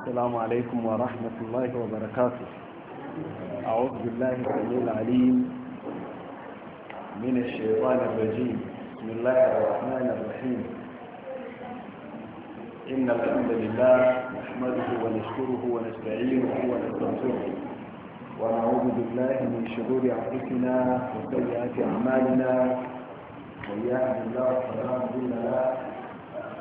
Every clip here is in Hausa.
السلام عليكم ورحمة الله وبركاته أعوذ بالله السميع العليم من الشيطان الرجيم بسم الله الرحمن الرحيم إن الحمد لله نحمده ونشكره ونستعينه ونستغفره ونعوذ بالله من شرور أنفسنا وسيئات أعمالنا وإياه الله فلا مضل له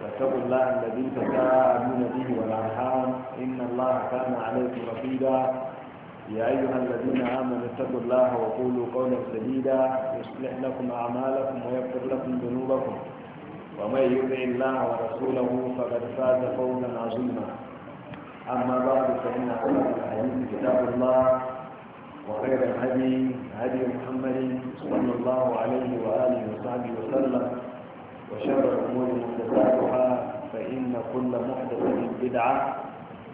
واتقوا الله الذي تساءلون به والارحام ان الله كان عليكم رقيبا يا ايها الذين امنوا اتقوا الله وقولوا قولا سديدا يصلح لكم اعمالكم ويغفر لكم ذنوبكم ومن يطع الله ورسوله فقد فاز فوزا عظيما اما بعد فان خير الحديث كتاب الله وخير الهدي هدي محمد صلى الله عليه واله وصحبه وسلم وشر الأمور محدثاتها فإن كل محدثة بدعة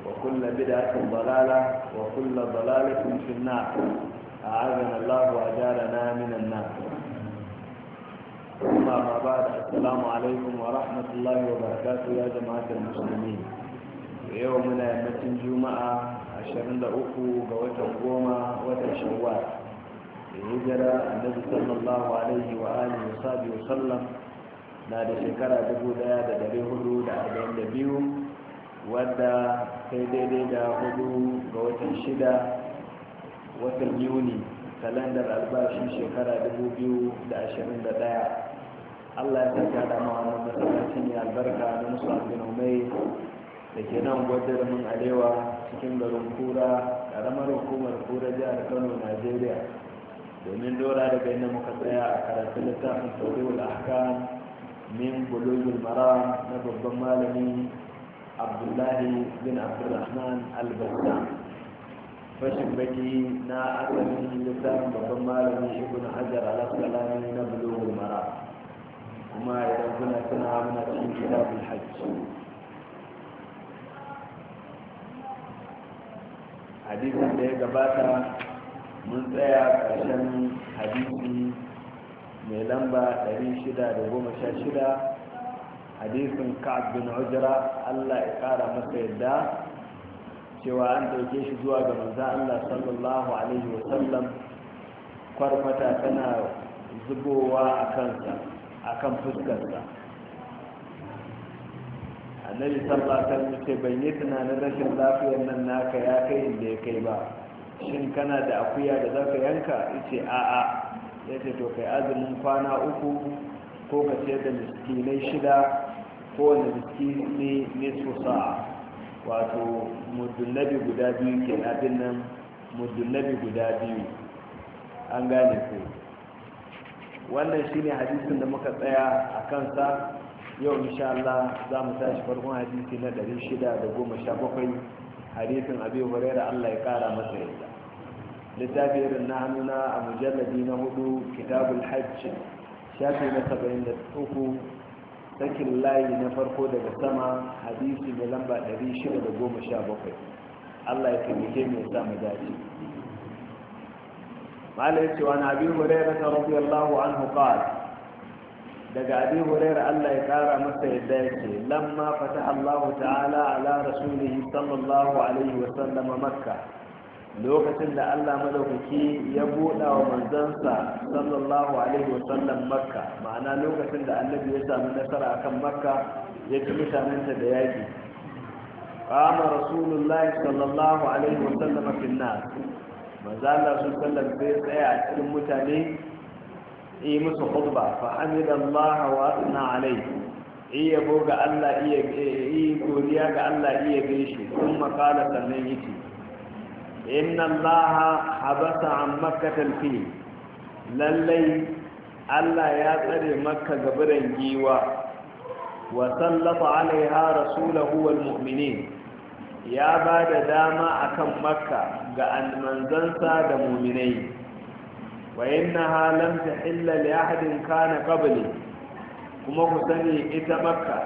وكل بدعة ضلالة وكل ضلالة في النار أعاذنا الله وأجارنا من النار أما ما بعد السلام عليكم ورحمة الله وبركاته يا جماعة المسلمين يومنا يمتن جمعة عشرين لأخو قوة قومة وتشوات هجرة النبي صلى الله عليه وآله وصحبه وسلم na da shekara 1442 wadda sai daidai da hudu ga watan shida watan yuni kalandar albashi shekara 2021 allah ya tafiya da mawanin masarautar ne albarka na musu albin da ke nan gwajar mun alewa cikin garin kura karamar hukumar kura jihar kano nigeria domin dora daga inda muka tsaya a karatun littafin sauƙi ahkam من بلوغ المرام نبو الضمالي عبد الله بن عبد الرحمن البستان فشك بكي نا أكثر من اللسان بضمالي ابن حجر على السلام نبلوغ المرام وما إذا كنا سنعى من كتاب الحج حديث ده قباتا من تيا قرشن حديثي mai lamba 616 hadisin ka'ab bin ujra Allah ya kara masa yadda cewa an dauke shi zuwa ga manzo Allah sallallahu alaihi wa sallam kwarfata tana zubowa a kansa akan fuskarsa annabi sallallahu alaihi wasallam ce ban yi tunanin rashin lafiyar nan naka ya kai inda ya kai ba shin kana da akuya da zaka yanka ita a'a ya ce to kai azumin kwana uku ko ka ce da miskinai shida ko wani miskinai ne su sa'a wato mudullabi guda biyu ke abin nan mudullabi guda biyu an gane ku wannan shine hadisin da muka tsaya a kansa yau insha Allah za mu tashi farkon hadisi na 617 hadisin abin hurairah Allah ya kara masa yadda littafi irin na hannu a mujalladi na hudu kitabul hajj shafi na saba'in da uku sakin layi na farko daga sama hadisi mai lamba 617 Allah ya taimake mai sa mu dace mala yace wa ta hurairah radiyallahu anhu qala daga abi hurairah Allah ya kara masa yadda yake lamma fata allahu ta'ala ala rasulih sallallahu alaihi wa sallam makkah lokacin da allah madaukaki ya buɗa wa manzansa sallallahu alaihi wasallam makka ma'ana lokacin da annabi ya sami nasara akan makka ya ci mutanenta da yaƙi kama rasulullahi sallallahu alaihi wasallam fin nas manzala sun sallam sai tsaya a cikin mutane yi musu khutba fa hamida allaha wa asna alaihi iya ga allah iya iya godiya ga allah iya gaishe kuma kala sannan yace inna allaha habasa an makkatal fi lallai allah ya tsare makka gaburan giwa wa sallafa alaiha rasulahu wal mu'minin ya ba da dama akan makka ga almanzansa da muminai wa innaha lam tahilla li ahadin kana qabli kuma ku sani ita makka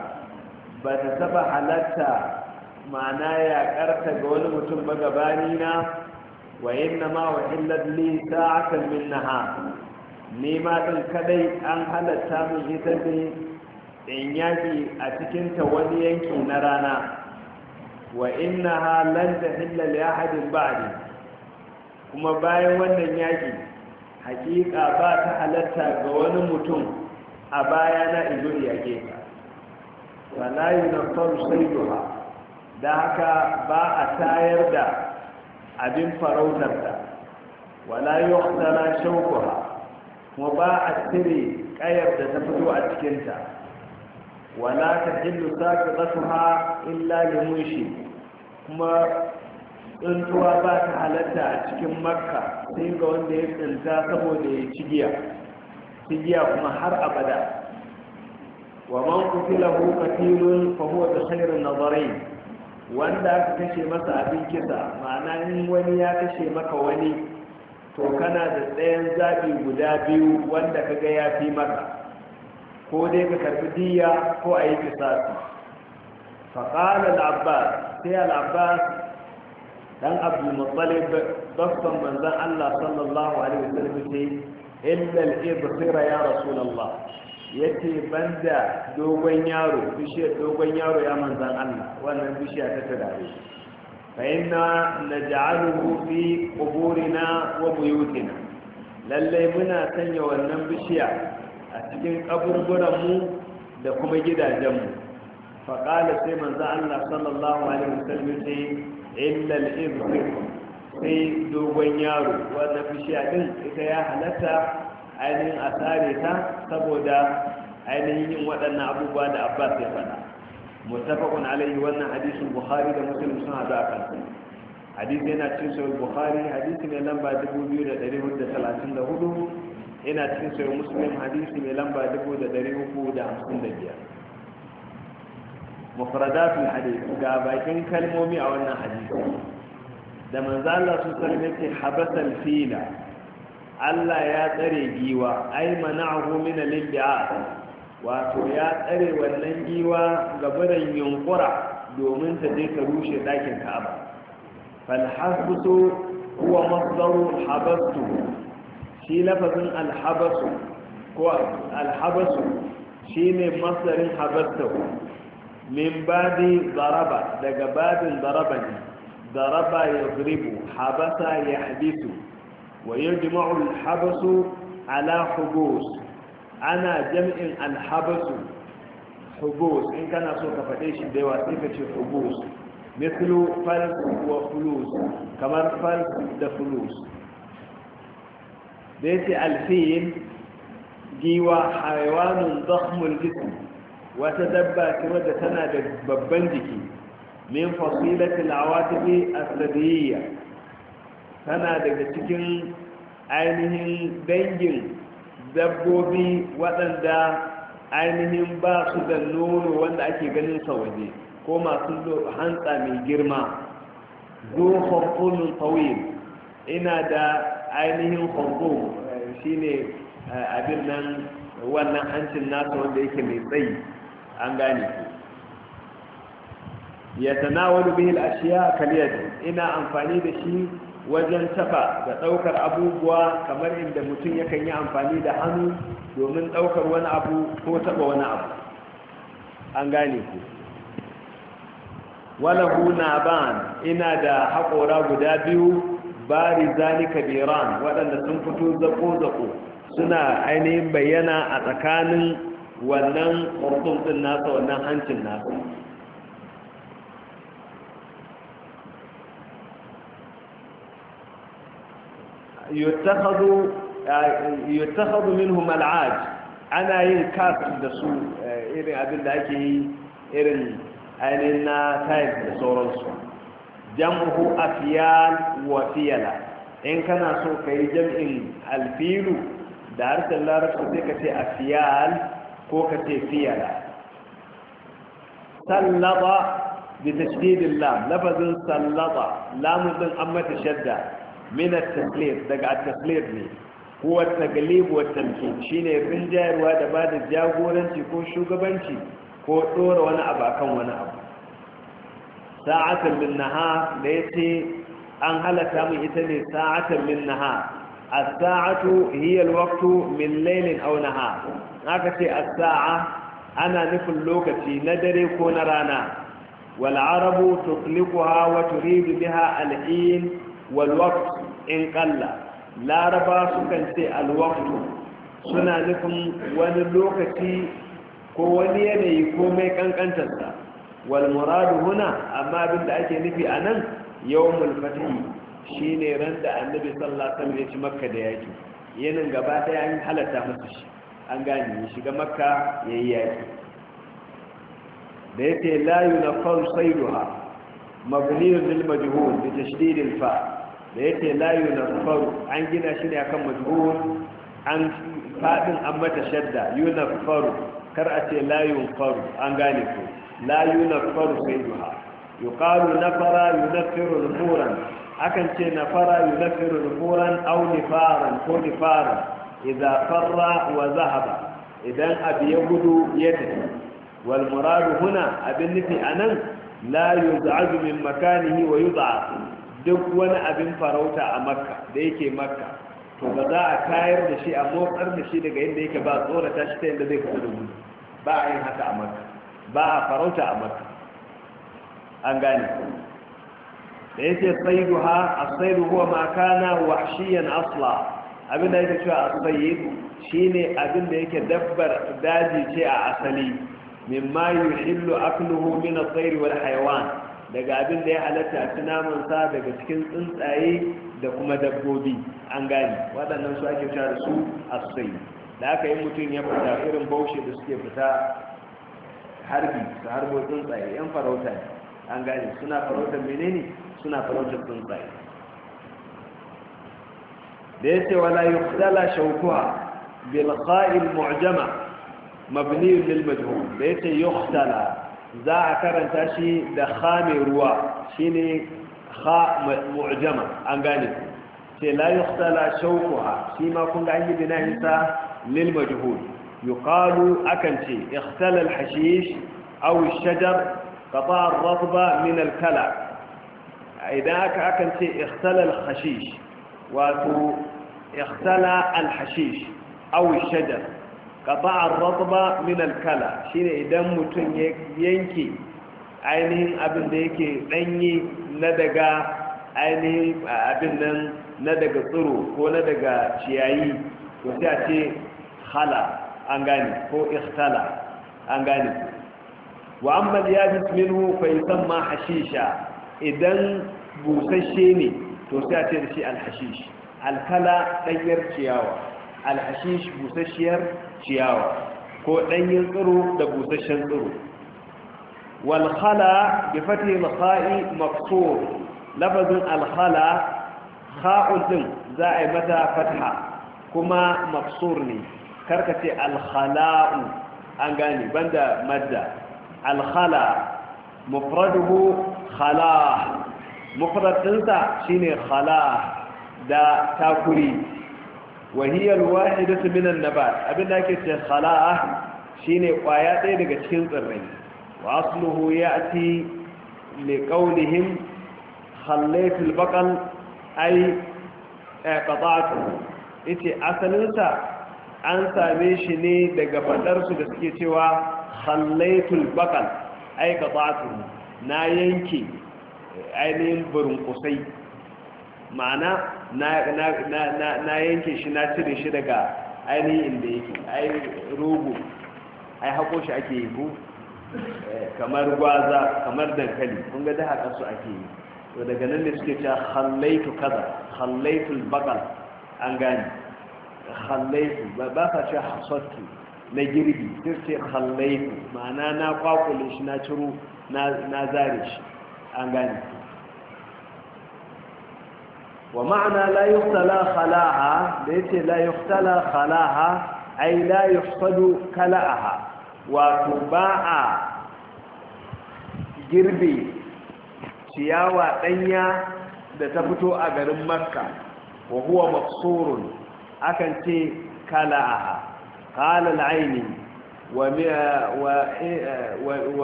ba ta taba halatta ma'ana ya karta ga wani mutum ba gabani na wa inna ma wa illad li sa'atan min naha ni ma din kadai an halatta mu ita ne in yaki a cikin ta wani yanki na rana wa innaha lan tahilla li ahadin ba'di kuma bayan wannan yaki hakika ba ta halatta ga wani mutum a baya na izo yake ta wala yunfaru sayduha da haka ba a tayar da abin farautarta wala yi wasana shaukuwa kuma ba a cire ƙayar da ta fito a cikinta wala ta jillu sake zasuwa illa limushi kuma tsuntuwa ba ta halatta a cikin makka sai ga wanda ya tsinta saboda ya ci giya giya kuma har abada wa man kutila hu katilun fa huwa da khairin nazarin wanda aka kashe masa abin kisa ma'ana in wani ya kashe maka wani to kana da ɗayan zaɓi guda biyu wanda ka ga ya fi maka ko dai ka karbi diya ko a yi kisasi faƙar al'abbas sai al'abbas ɗan abdulmutsalib babban manzan allah sallallahu alaihi wasallam sai illal ibsira ya rasulallah yace banda dogon yaro bishiyar dogon yaro ya manzan Allah wannan bishiya ta turare fa inna naj'aluhu fi quburina wa buyutina lalle muna sanya wannan bishiya a cikin kaburburan mu da kuma gidajen mu fa sai manzan Allah sallallahu alaihi wasallam ce illa al sai dogon yaro wannan bishiya din ita ya halatta ainihin a tsare ta saboda ainihin yin waɗannan abubuwa da abbas ya faɗa mutafakun alaihi wannan hadisin Buhari da muslim sun haɗu a kansu hadisi yana cikin sahih Buhari, hadisi mai lamba 2434 yana cikin sahih muslim hadisi mai lamba 3355 mufradatul hadith ga bakin kalmomi a wannan hadisi da manzo Allah su sarrafa habasal fila Allah ya tsare giwa ai mana'ahu min al-ibti'a wato ya tsare wannan giwa ga barin yunkura domin ta je ta rushe dakin Ka'aba fal hasbu huwa masdaru habastu shi lafazin al-habasu ko al-habasu shine masdarin habastu min badi daraba daga badin daraba ne daraba yadribu habasa yahdisu wa yajma'u al-habasu ala hubus ana jam'in al-habasu hubus in kana so ka faɗe shi da yawa ka ce hubus mithlu fals wa fulus kamar fals da fulus da yace alfil giwa hayawanun dakhmul jism wata dabba ce wadda tana da babban jiki min fasilatil awatifi as-sadiyya tana daga cikin ainihin dangin dabbobi waɗanda ainihin ba su da nono wanda ake ganin sa waje ko masu hantsa mai girma zo harkunin tawil ina da ainihin harkun shine eh, abin nan wannan hancin nasa wanda yake mai tsayi an gane ya tanawalu bihil ashiya kaliyar ina amfani da shi wajen tafa da ɗaukar abubuwa kamar inda mutum yakan yi amfani da hannu domin ɗaukar wani abu ko taɓa wani abu an gane ku walahu na ban ina da haƙora guda biyu bari zani kabiran waɗanda sun fito zako-zako suna ainihin bayyana a tsakanin wannan ƙwarfin nasa wannan hancin nasa yutakhadhu minhum al'aj ana yin kafin da su irin abin da ake yi irin ainihin na da sauransu jam'u afyal wa fiyala in kana so kayi jam'in alfilu da harshen larabci sai ka ce afyal ko ka ce fiyala sallaba bi tashdidin lam lafazin sallaba lamun din an mata shadda min at daga at ne ko at-taglib shine rinjayarwa da ba da jagoranci ko shugabanci ko dora wani abu akan wani abu sa'atan min nahar da yace an halata mun ita ne sa'atan min nahar as-sa'atu hiya al min lailin aw nahar haka ce as-sa'a ana nufin lokaci na dare ko na rana والعرب تطلقها وتريد بها الحين والوقت in kalla laraba sukan ce alwaktu suna nufin wani lokaci ko wani yanayi ko mai kankantarsa wal muradu huna amma abin da ake nufi anan, nan yawmul shi shine ran da annabi sallallahu alaihi wasallam ya ci makka da yaki yanin gaba daya an halatta musu shi an gane ya shiga makka yayi yaki da yake la yunafar sayduha mabniyun lil majhul bi tashdid fa da yake layu na faru an gina shi ne akan majhul an fadin an mata shadda yuna faru kar a ce layu faru an gane ko layu na faru sai duha yuqalu nafara yunfiru nufuran akan ce na fara nafara yunfiru au ni nifaran ko ni nifaran idan farra wa zahaba idan abu ya gudu ya tafi wal muradu huna abin nufi anan la yuz'adu azumin makani wa yud'a duk wani abin farauta a makka da yake makka to ba za a kayar da shi a motsar da shi daga yadda yake ba tsorata shi ta yadda zai kusa da gudu ba a yin haka a makka ba a farauta a makka an gane da yake saidu ha a saidu huwa makana wahshiyan asla abin da yake cewa a shi shine abin da yake dabbar daji ce a asali mimma yuhillu akluhu min at-tayr wal haywan daga abin da ya halatta a ci sa daga cikin tsuntsaye da kuma dabbobi an gani waɗannan su ake cewa da su sai da aka yi mutum ya fita irin baushe da suke fita harbi su harbo tsuntsaye yan farauta ne an gani suna farautar menene suna farautar tsuntsaye da ya ce wala yi kudala shaukuwa qa'il mu'jama mabni lil majhul da ya ce yuqtala za a karanta shi da kha mai ruwa ne kha mu'jama an gane ce la yuhtala shawquha shi ma kun ga an yi binayin sa lil majhul yuqalu akan ce ihtala al hashish aw al shajar qata al ratba min al kala idan aka akan ce ihtala al hashish wato ihtala al hashish aw al shajar kaba ratba min alkala shine idan mutum ya yanke ainihin abin da yake danyi na daga ainihin abin nan na daga tsiro ko na daga ciyayi to sai a ce hala an gane ko ikhtala an gane wa amma yabit minhu fa yusamma hashisha idan busasshe ne to sai a ce da shi alhashish alkala danyar ciyawa alhashish busasshiyar ciyawa ko ɗanyen tsiro da busasshen tsiro walhala bi fatih al-kha'i lafazin alhala kha'un za a yi mata fatha kuma maqsur ne karka ce alhala'u an gane banda madda alhala mufraduhu khala mufrad shine khala da takuri wahiyar wahidatu minan nabat abin da ake ce khala'a shine kwaya ɗaya daga cikin tsirrai wa asluhu ya'ti li qawlihim khallaytul baqal ay eh, qata'tu ite asalin sa an same shi ne daga fadar su da suke cewa khallaytul baqal ay qata'tu na yanke eh, ainihin burin kusai ma'ana na yanke shi na cire shi daga ainihin inda yake ai rogo ai haƙo shi ake yi ko eh, kamar gwaza kamar dankali kun ga da haƙa su ake yi to daga nan ne suke cewa hallaitu kaza hallaitul bakal an gani hallaitu ba sa ce hasattu na girbi sai ce hallaitu ma'ana na kwakule shi na ciro na zare shi an gani wa ma'ana la yuhtala khala'a da yace la yuhtala khala'a ai la yuhsadu kala'aha wato ba a girbe ciyawa danya da ta fito a garin makka wa huwa maqsurun akan ce kala'aha qala al-aini wa eh,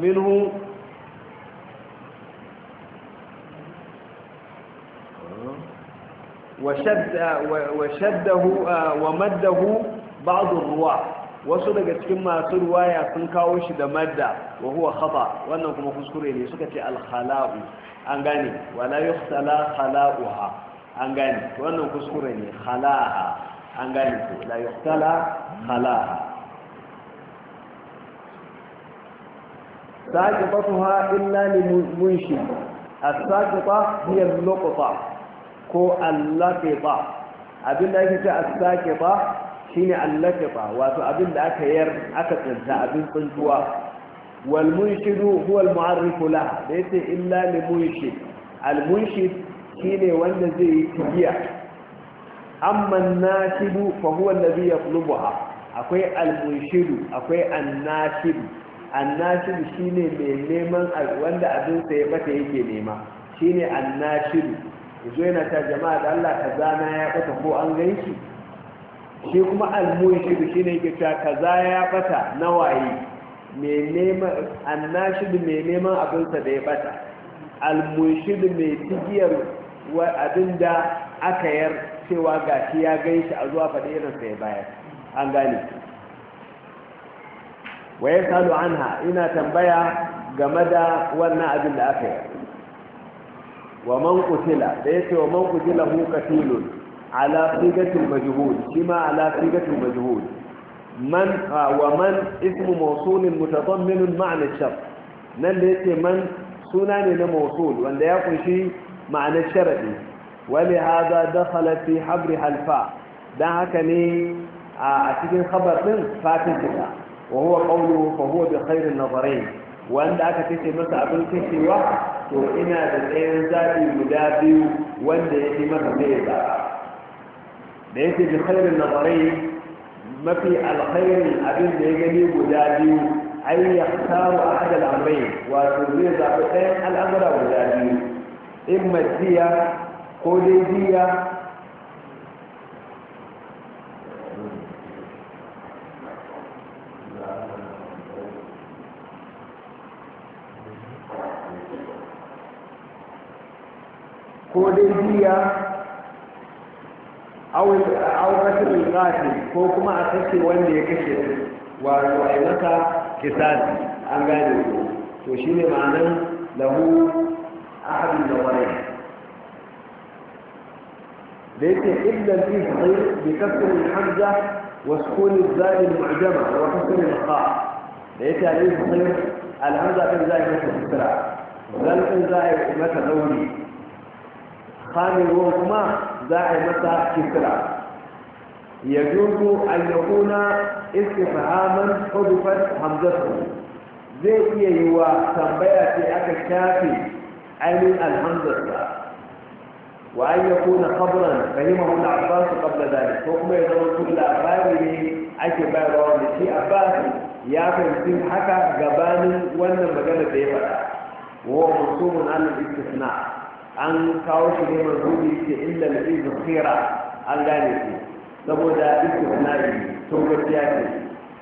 minhu وشد وشده ومده بعض الرواة wasu daga cikin masu ruwaya sun kawo shi da madda wa huwa khata wannan kuma kuskure ne suka ce al-khala'u an gane wala yuhtala khala'uha an gane wannan kuskure ne khala'a an gane ko la yuhtala khala'a saqitatuha illa limunshi as-saqita hiya al-luqta ko allaqiba abin da yake ce as-saqiba shine ba wato abin da aka yar aka tsinta abin tsintuwa wal huwal huwa da yace illa li munshid shine wanda zai yi tijiya amma nashidu fa huwa alladhi yaqlubuha akwai al akwai an-nashidu an-nashidu shine mai neman wanda abin sa ya bata yake nema shine Annashidu. ya yana ta jama'a da Allah ta zana ya bata ko an gan shi shi kuma almunshidu shine yake kaza ya fata na waye mai neman da mai neman abinsa da ya bata almunshidu mai tigiyar abin da aka yar cewa ga ya gan a zuwa faɗi sa ya bayar an gane wa ya salu anha ina tambaya game da wannan abin da aka yar wa man qutila da yace wa man qutila hu qatilun ala sigatil majhul kima ala sigatil majhul man ah, wa man ismu mawsulin mutadammin ma'na shart nan da yace man suna ne na mawsul wanda ya kunshi ma'anar sharadi wali hada dakhala fi habri halfa dan haka ne a cikin khabar din fatin kita wa huwa qawluhu fa huwa bi khairin nazarain wanda aka kace masa abin kacewa to ina da tsayin zaɓi guda biyu wanda ya fi masa zai zaɓa da ya ce bi khairin mafi alkhairin abin da ya gani guda biyu ai ya samu a adal amrai wato zai zaɓi ɗayan al'amura guda biyu in majiya ko dai jiya ko dai biya aukatar ilgati ko kuma a kashe wanda ya kashe wato a yi maka kisasi an gane to shi ne ma'anar lahu ahadin da wani da yake idan fi sai bi kasar hamza wa sukuni zalil mu'jama wa kasar ilqa da yake alaihi sai alhamza kan zai mata fitra zal kan zai mata dauri خامل وهما زائمة كثرة يجوز أن يكون استفهاما حذفا همزته زي هو إيه تنبية أكا كافي عن الحمزة وأن يكون قبرا فهمه العباس قبل ذلك فهم يدعو كل أخاره أكي بارو لشي أباس يعفر في حكا جبان وأن مجال بيبرا وهو منصوب عن الاستثناء an kawo shi ne ke inda na izu zafira an gane shi saboda istisna'i sun gaskiya ce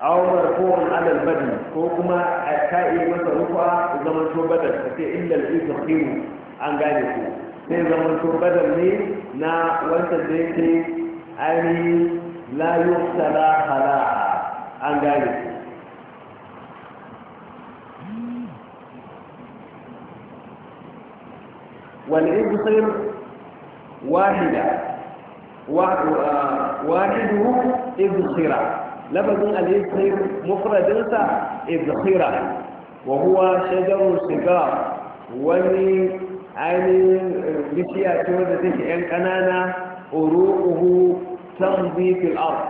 aw marfu'un ala adal badi ko kuma a ka'i masa rufa zaman to badal inda na izu zafiru an gane shi sai zaman to badal ne na wanda da yake ani la yusala halaha an gane shi والعبصر واحدة آه، واحده إبصرة لفظ الإبصر مفرد إبصرة وهو شجر السجار وني عين آه، بشيء تولد أن كنانا أروقه تغذي في الأرض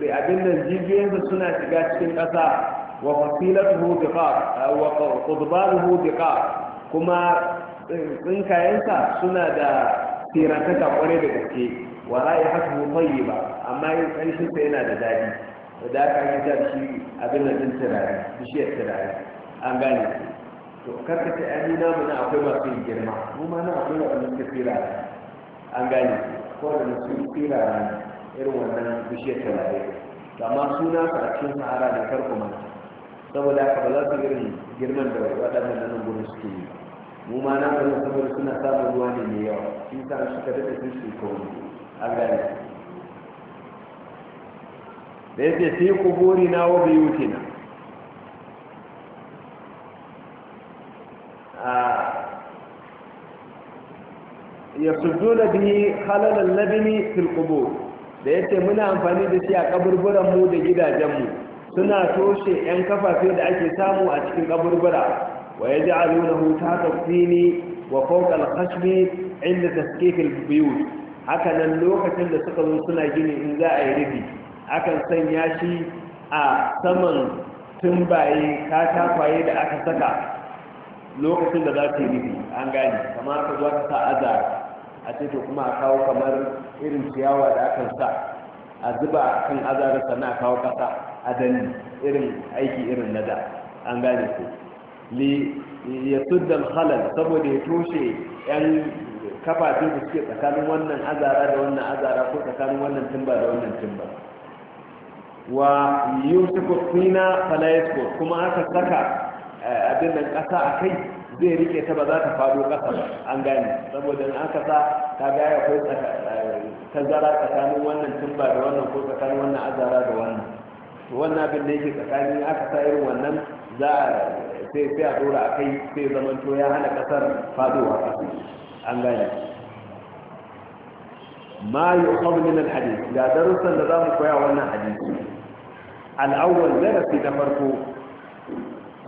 لأبن الجيجين سنة تقاس في الأساء وفصيلته دقاء آه، وقضبانه دقاء كما tsinkayensa suna da tirantaka kwarai da gaske wa ra'i hasbu tayyiba amma yin ƙarshen sa yana da dadi da ka yi ta shi abin da din tirare bishiyar tirare an gane to karka ta yi mu na akwai masu yin girma mu ma na akwai wanda suka tirare an gane ko da su tirare irin wannan bishiyar tirare ma suna su a cikin sahara da karku saboda haka ba za su irin girman da waɗannan nan gudun suke yi mu ma na ga saboda suna samun ruwa ne mai yawa shi ta ka daɗa sun shekaru a gani da yake sai kuburi na wa zo da bihi halalar labini filkubo da yake muna amfani da shi a kaburburan mu da gidajen mu suna toshe yan kafafe da ake samu a cikin kaburbura Wa ya ويجعلونه تحت الطين وفوق الخشب عند تسقيف البيوت هكذا لوكتن da suka zo suna gini in za a yi rufi akan sanya shi a saman tumbaye kaka da aka saka lokacin da za ta yi rufi an gani kamar ka zuwa ka sa aza a ce kuma a kawo kamar irin ciyawa da aka sa a zuba kan aza da kawo kasa a dani irin aiki irin na da an gani ko ya tuddan halal saboda ya toshe yan kafafe da suke tsakanin wannan azara da wannan azara ko tsakanin wannan timba da wannan timba wa yusufu fina falayasko kuma aka saka eh, abin nan kasa a kai zai rike ta ba za ta faɗo kasa ba an gane saboda in aka sa ta gaya akwai eh, tazara tsakanin wannan timba da wannan ko tsakanin wannan azara da wannan to wannan abin da yake tsakanin aka sa irin wannan za a sai sai a dora a kai sai zamanto ya hana kasar faduwa kasu an gane ma yi min alhadis ga darussan da za mu koya wannan hadisi al'awwal darasi na farko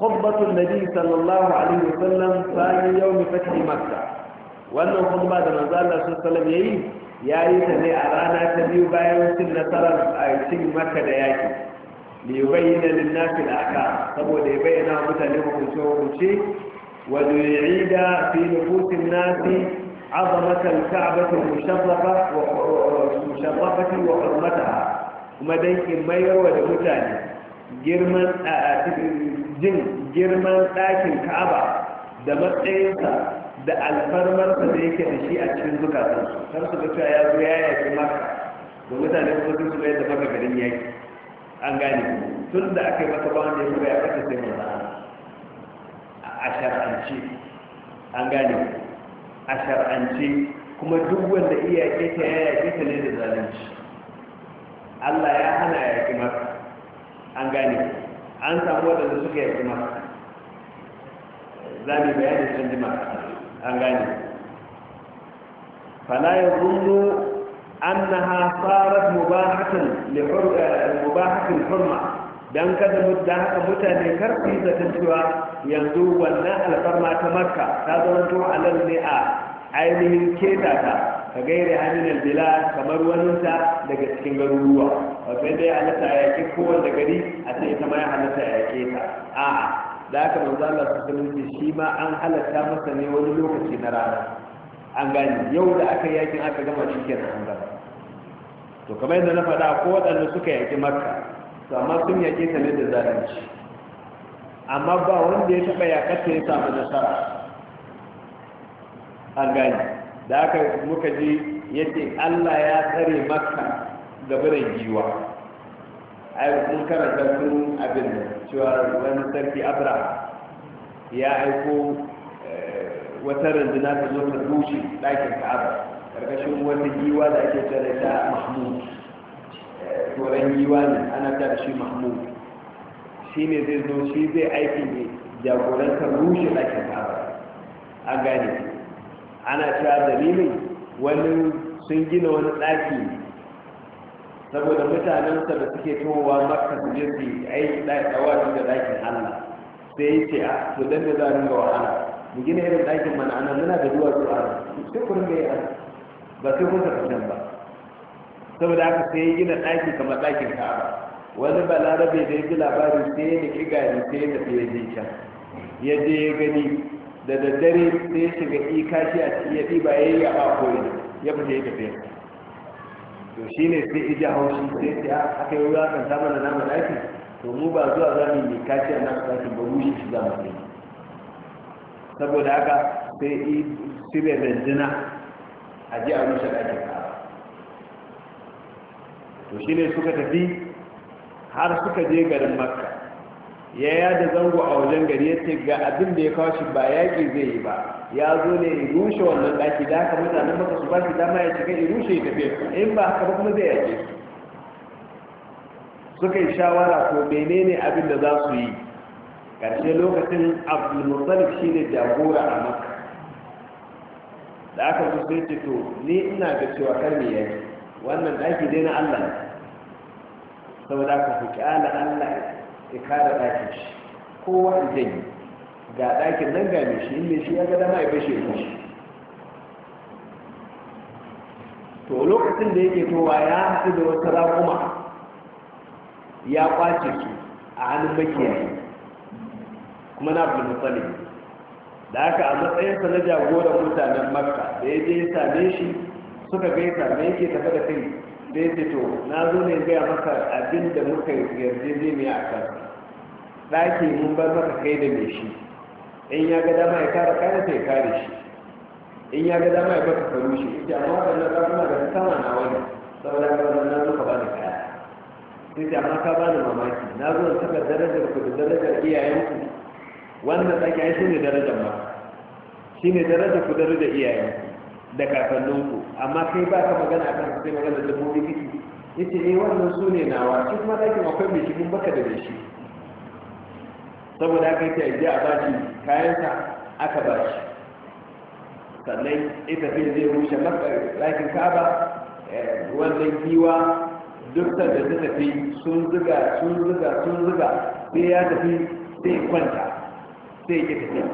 خطبة النبي صلى الله عليه وسلم ثاني يوم فتح مكة wannan kuma da manzo Allah sun salam ya yi ta ne a rana ta biyu bayan cin nasarar a cikin maka da yaki liyubayyana lin-nasi al-aka saboda ya bayyana mutane hukunci hukunci wa yu'ida fi nufusin nasi azamatal ka'bati mushaffafa wa mushaffafati wa hurmataha kuma dan kimayar da mutane girman jin girman dakin ka'aba da matsayinsa da alfarmar sa da yake da shi a cikin zukatansu har su ya zo ya yaki maka da mutane su zo su bayar da maka garin yaki an gane tun da aka yi masa ba wanda ya shiga ya kasa sai manzo a shar'ance an gane a shar'ance kuma duk wanda iya keta ya yaƙe ta ne da zalunci Allah ya hana ya yaƙi masa an gane an samu waɗanda suka yaƙi masa za mu bayani sun jima an gane fala ya zunnu annaha sarat mubahatan li mubahatin hurma dan kada da haka mutane karfi zaton cewa yanzu wannan alfarma ta makka ta zama to alal ne a ainihin keta ta ka gaire hannun bila kamar waninta daga cikin garuruwa wato yadda ya halatta a yake kowanne gari a sai ita ya halatta a yake ta a'a da haka manzo su shi ma an halatta masa ne wani lokaci na rana an gani yau da aka yakin aka gama shi kenan an gama to kamar yadda na faɗa ko waɗanda suka yaki makka to amma sun yaƙe ta ne da zalunci amma ba wanda ya taɓa yaƙar ta ya samu nasara an gani da aka muka ji yadda allah ya tsare makka da biran giwa yi mun karanta sun abin cewa wani sarki abraham ya aiko wata runduna ta zo ta rushe ɗakin ka'aba ƙarƙashin wata giwa da ake tare da mahmud turan eh, giwa ne ana tare shi mahmud shi ne zai zo shi zai aiki ne jagorantar rushe ɗakin ka'aba an gane ana cewa dalilin wani sun gina wani ɗaki saboda mutanensa da suke towa makka su je su aiki ɗakin da ɗakin allah sai ya ce a ah, to dan da za a nuna wahala mu gina irin ɗakin mana ana muna da duwatsu a sai ku mai yi a ba sai kun tafi can ba saboda haka sai ya gina ɗaki kamar ɗakin ka'aba wani larabe da ya ji labarin sai ya niki gari sai ya tafi ya je can ya je ya gani da daddare sai ya shiga kashi a ciki ya ba ya yi a koyi ya fita ya tafi to shi ne sai ija haushi sai sai ah, aka yi wuya kan samun da namun ɗaki to mu ba zuwa za mu yi kashi a nan ɗakin ba mu shi za mu yi saboda haka sai yi da jina a ji a rushe da kaba to shi ne suka tafi har suka je garin makka ya yada zango a wajen gari ya ce ga abin da ya kawo shi ba yaƙi zai yi ba ya zo ne ya rushe wannan ɗaki da haka mutanen maka su ba shi dama ya shiga ya rushe ya tafi in ba haka ba kuma zai yaƙe su suka yi shawara ko menene abin da za su yi Karshe lokacin abdulmutsalif shi ne jagora a maka da aka su sai ce to ni ina ga cewa kar me yaki wannan daki dai na allah ne saboda ka fi ala allah ya kare ɗakin shi kowa idan ga ɗakin nan ga shi in shi ya ga dama ya bashe shi to lokacin da yake towa ya haɗu da wata raƙuma ya ƙwace su a hannun makiyayi kuma na abu muttalib da haka a matsayinsa na jagoran mutanen makka da ya je ya same shi suka gaisa me yake tafi da kai da ya to na zo ne gaya maka abin da muka yarjejeniya a kan ɗaki mun bar maka kai da mai shi in ya ga dama ya kare kare sai kare shi in ya ga dama ya baka faru shi ita amma waɗannan ɗakuna da sama na wani saboda haka wannan na zo ka bani kaya sai ta amma ka bani mamaki na zo in saka darajar ku da darajar iyayen ku. wanda tsaki ai shine darajar ma shine darajar ku darajar iyayen da ku amma kai ba ka magana akan su sai magana da dabbobi kici yace eh wannan su ne nawa shi kuma dakin akwai mai shi mun baka da shi saboda haka yace ai a bashi ka aka shi sannan ita fi zai rushe ɗakin kaba eh, wannan giwa duk da ta tafi sun zuga sun zuga sun zuga sai ya tafi sai kwanta sai ya tafiya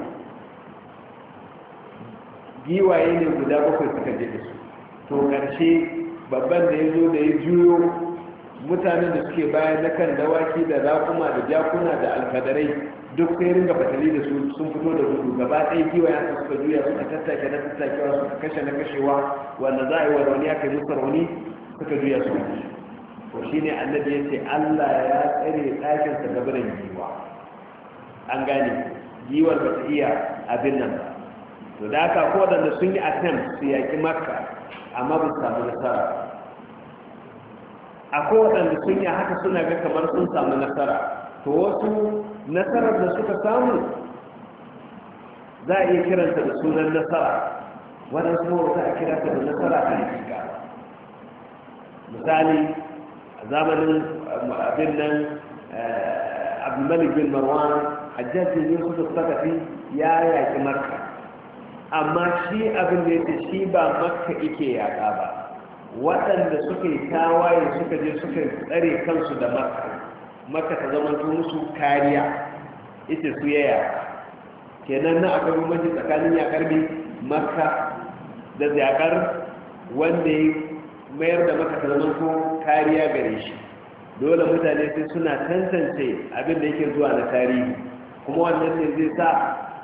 giwaye ne guda bakwai suka je da su to ƙarshe babban da ya zo da ya juyo mutanen da suke bayan na kan dawaki da raƙuma da jakuna da alfadarai duk sai ringa fatali da su sun fito da gudu gaba ɗaya giwaye su suka juya suka tattake na tattakewa suka kashe na kashewa wanda za a yi wa rauni aka yi musu rauni suka juya su kashe to shi ne annabi ya ce allah ya tsare ɗakinsa gabarin giwa an gane giwar ba ta iya abin nan ba to da aka kodanda sun yi attempt su yaki makka amma ba su samu nasara akwai waɗanda sun yi haka suna ga kamar sun samu nasara to wasu nasarar da suka samu za a iya kiranta da sunan nasara waɗansu kuma za a kiranta da nasara a hakika misali a zamanin eh, abin nan eh, abdulmalik bin marwan hajjaj kusa saka fi ya yaki marka, amma shi abin da yake shi ba makka yake yaka ba waɗanda suka yi tawaye suka je suka tsare kansu da makka makka ta zama musu kariya ita su yaya kenan na akwai bambanci tsakanin yakar mai makka da yakar wanda ya mayar da maka ta zama kariya gare shi dole mutane sai suna tantance abin da yake zuwa na tarihi kuma wannan ne zai sa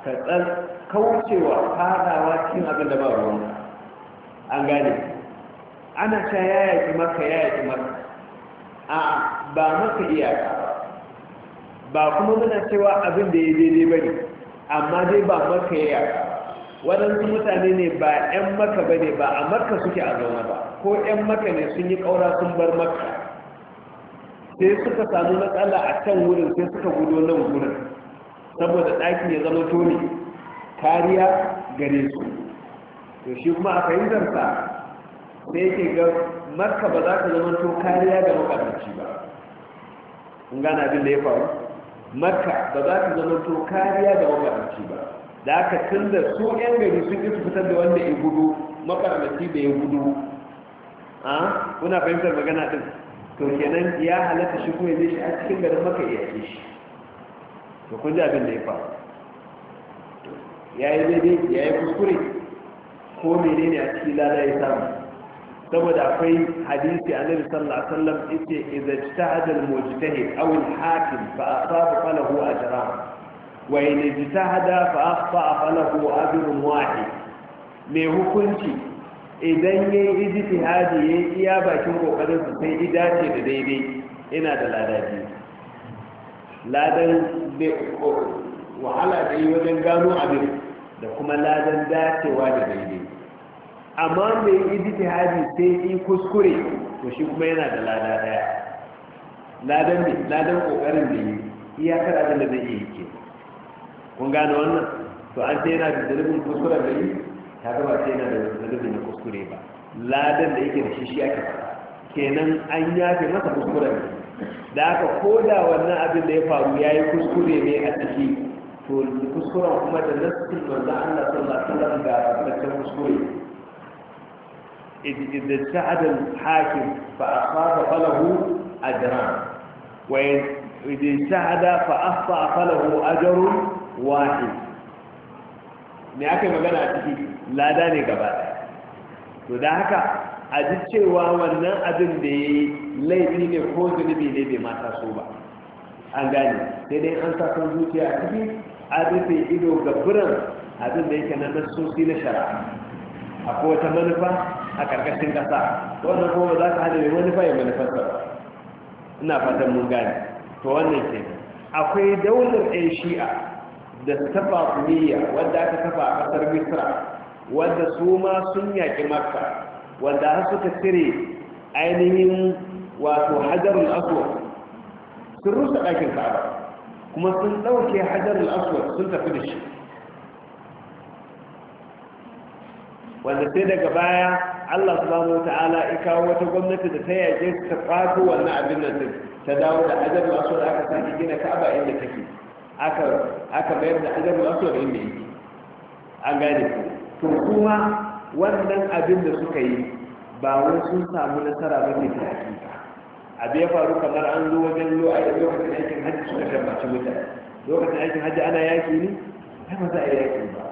ka tsan kaucewa fadawa cikin abin da ba ruwan an gane ana ta yaya ki maka yaya ki maka a ba maka iyaka ba kuma muna cewa abin da ya daidai bane amma dai ba maka iyaka waɗansu mutane ne ba 'yan maka ba ne ba a maka suke a zaune ba ko 'yan maka ne sun yi ƙaura sun bar maka sai suka samu matsala a can wurin sai suka gudo nan wurin saboda ɗakin ya zama tone kariya gare su to shi kuma a fahimtarsa sai ke ga makka ba za ta zama to kariya ga makaranci ba kun gane abin da ya faru makka ba za ta zama to kariya ga makaranci ba da aka tun da su 'yan gari sun isa fitar da wanda ya gudu makaranci da ya gudu a kuna fahimtar magana din to kenan ya halatta shi kuma ya zai shi a cikin garin maka iya shi to kun ji abin da ya faru ya yi daidai ya yi kuskure ko menene a cikin lada ya samu saboda akwai hadisi a nabi sallallahu alaihi wasallam yace idza ijtahada al-mujtahid aw al-hakim fa asaba falahu ajran wa in ijtahada fa akhta falahu ajrun wahid mai hukunci idan ya yi ijtihadi yayi iya bakin kokarin sai idace da daidai ina da lada ladan wahala da yi wajen gano abin da kuma ladan dacewa da daidai amma mai haji sai yi kuskure to shi kuma yana da lada daya ladan ne ladan kokarin da yi iya kada da zai iya ke kun gane wannan to an sai yana da dalibin kuskure da yi ta gaba sai yana da dalibin na kuskure ba ladan da yake da shi shi ake kenan an yafe masa kuskure da da aka koda wannan abin da ya faru ya yi kuskure ne a ciki to kuskuren kuma da nasu wanda an sallallahu alaihi wasallam ga tabbacin kuskure da ta al-hakim fa fara falahu Wai wa idza sa'ada fa fara falahu jaru wahi me aka yi magana a ciki lada ne gaba to da haka a ji cewa wannan abin da ya yi laifi ne ko zunubi ne bai mata so ba an gane sai dai an sa san zuciya a ciki a rufe ido ga furan, abin da yake na nasosi na shari'a ko wata manufa a karkashin ƙasa wannan kuma za ka hada mai manufa ya manufa ba ina fatan mun gane to wannan ke akwai daular ɗan shi'a da tafa kuniya wadda aka tafa a ƙasar misra wadda su ma sun yaƙi makka wanda har suka cire ainihin wato hajarul aswad sun rusa ɗakin ka'aba kuma sun ɗauke hajarul aswad sun tafi da shi wanda sai daga baya Allah subhanahu wata'ala ya kawo wata gwamnati da ta yaje ta kwato wannan abin da din ta dawo da ajar masu da aka sake gina Ka'aba inda take aka aka bayar da ajar masu da inda yake an gane ku to kuma wannan abin da suka yi ba wai sun samu nasara ba ne da abu ya faru kamar an zo wajen lo a lokacin aikin hajji suka shambaci mutane lokacin aikin hajji ana yaki ne ta ba za a yi yaki ba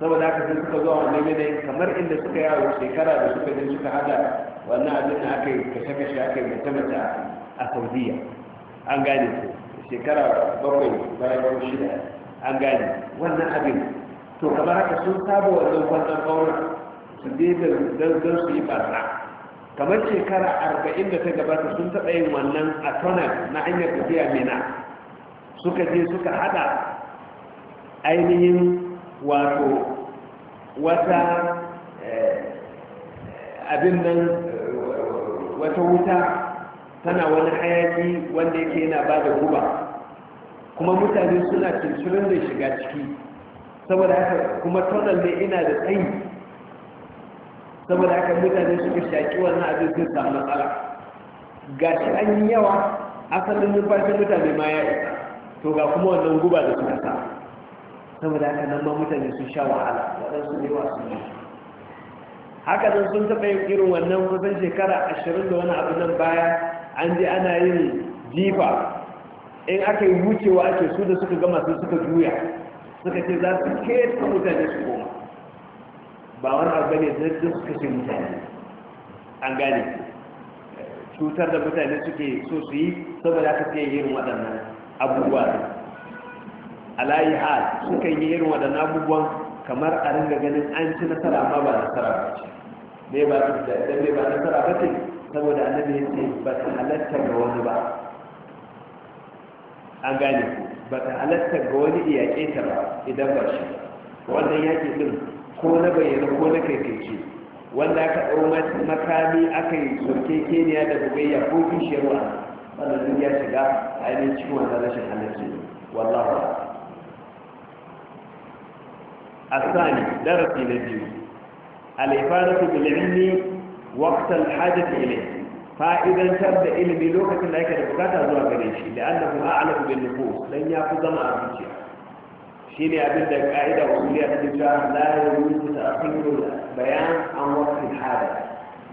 saboda haka sai suka zo a wannan yanayin kamar inda suka yawo shekara da suka je suka hada wannan abin da aka yi kashe-kashe aka yi mace-mace a saudiya an gane su shekara bakwai bayan shida an gane wannan abin to kamar haka sun saba wannan wannan ƙaunar su je don su yi barna kamar shekara arba'in da ta gabata sun taɓa yin wannan a tonal na hanyar tafiya mina suka je suka haɗa ainihin wato wata eh, abin nan eh, wata wuta tana wani hayaki wanda yake yana ba da guba kuma mutane suna cincirin da shiga ciki saboda haka kuma tonal ne ina da tsayi saboda haka mutane suka shaƙi wannan abin sun samu matsala ga shi an yi yawa asalin numfashin mutane ma ya isa to ga kuma wannan guba da suka sa saboda haka nan ma mutane sun sha wahala waɗansu wa sun yi haka nan sun taɓa yin irin wannan kusan shekara ashirin da wani abu nan baya an je ana yin jifa in aka yi wucewa ake su da suka gama sun suka juya suka ce za su keta mutane su koma ba wani abu ne da su kashe mutane an gane cutar da mutane suke so su yi saboda aka fiye irin waɗannan abubuwa alayi hal suka yi irin waɗannan abubuwan kamar a ringa ganin an ci nasara amma ba nasara ba ce mai ba da mai ba nasara ba ce saboda annabi ya ce ba ta halatta ga wani ba an gane ba ta halatta ga wani iyaƙe ta ba idan ba shi wannan yaƙi din ko na bayyana ko na kaikaice wanda aka ɗau makami aka yi keniya da bugayya ko kishiyar wa wanda duk ya shiga ainihin cikin wannan rashin halarci wallahu asani darasi na biyu al-ifaratu bil ilmi waqt fa'idantar da ilimi lokacin da yake da bukata zuwa gare shi da annahu a'lamu bin nufus dan ya fi zama a zuciya شيني أبدا قاعدة وقلية تجاه لا يوجد تأخير بيان عن وقت الحالة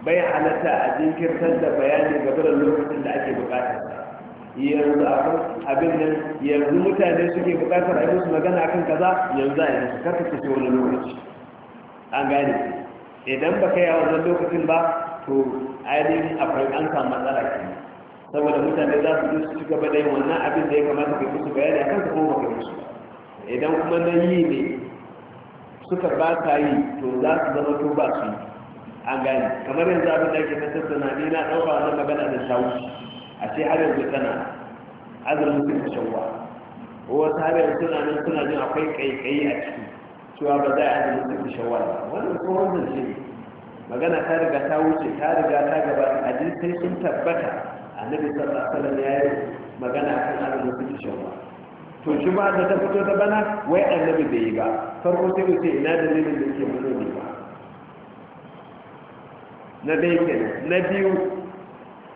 بيع على تأذين كرتد بياني قبل الوقت اللي أجي بقاتها يرد أخر أبدا يرد متى نسكي بقاتها رئيس مجانا عكن كذا يرد أن يسكرت تسول الوقت أن قاعدة إذا بقى يا ولد الوقت الباء تو أيدي أفرج أنت ما زالك سوى المتى نزاف يسكي بدأ أبدا يكمل في كل بيان أكن idan kuma na yi ne suka ba ta yi to za su zama to ba su yi an gani kamar yanzu abin da ke na tattauna ne na ɗauka wannan magana da shawu a ce har yanzu tana azumin sun shawwa wasu har yanzu suna nan suna jin akwai ƙaiƙayi a ciki cewa ba za a azumin sun shawwa ba wannan ko wannan shi ne magana ta riga ta wuce ta riga ta gabata hadisai sun tabbata annabi sallallahu alaihi wasallam ya yi magana kan azumin sun shawwa to shi ma da ta fito ta bana wai annabi bai yi ba farko sai ce ina dalilin da yake fito ne ba na dai na biyu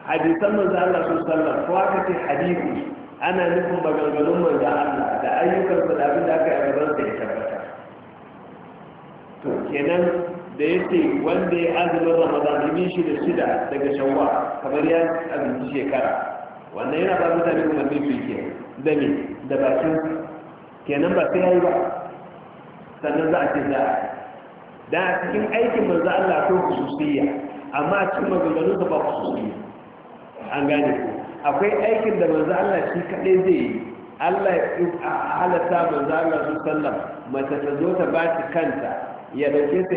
hadisan manzo Allah su sallar ko aka hadisi ana nufin maganganun manzo Allah da ayyukan sa da abin da aka yi a gaban sa ya tabbata to kenan da yace wanda ya azumin Ramadan limin shi da shida daga Shawwal kamar ya abin shekara wannan yana ba mutane kuma ne ke da ne da bakin kenan ba sai ya yi ba sannan za a ce za a da a cikin aikin manzo Allah ko hususiyya amma a cikin maganganun da ba hususiyya an gane ku akwai aikin da manzo Allah shi kaɗai zai yi Allah ya halatta manzo Allah su sallam mace ta zo ta ba kanta ya dauke ta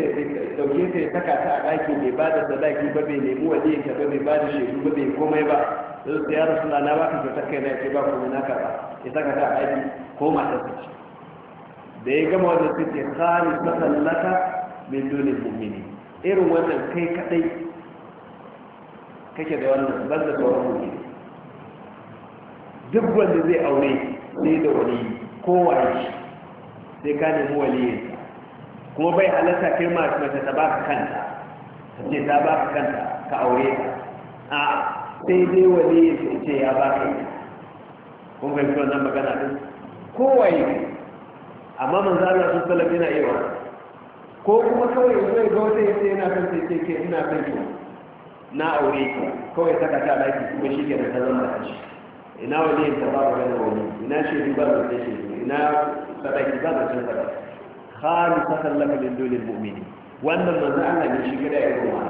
dauke ta ya saka ta a daki bai ba da sadaki ba bai nemi waje ka ba bai ba da shedu ba bai komai ba sai sai ya rasu na ba ka ta kai na ce ba ku na ka ba ya saka ta a daki ko mata ta ce da ya gama wannan sai ce khali sallaka min dole mu'mini irin wannan kai kadai kake da wannan ban da sauran mu'mini duk wanda zai aure sai da wali kowa shi sai ka nemi waliyinsa kuma bai halatta kai mace ta baka kanta ta ce ta baka kanta ka aure ta a sai dai wani ya ce ya baka yi kun fahimci wannan magana din ko waye amma manzo Allah sun sallam na yawa ko kuma kawai zai ga wata yace yana kan sai ce ke ina kan ki na aure ki kawai saka ta daki kuma shi ke da ta zama da shi ina wani ta ba wani ina shi ba da shi ina sadaki ba da shi sadaki khalisatan laka min dunil mu'mini wannan manzo Allah ne shi gida ya ruwa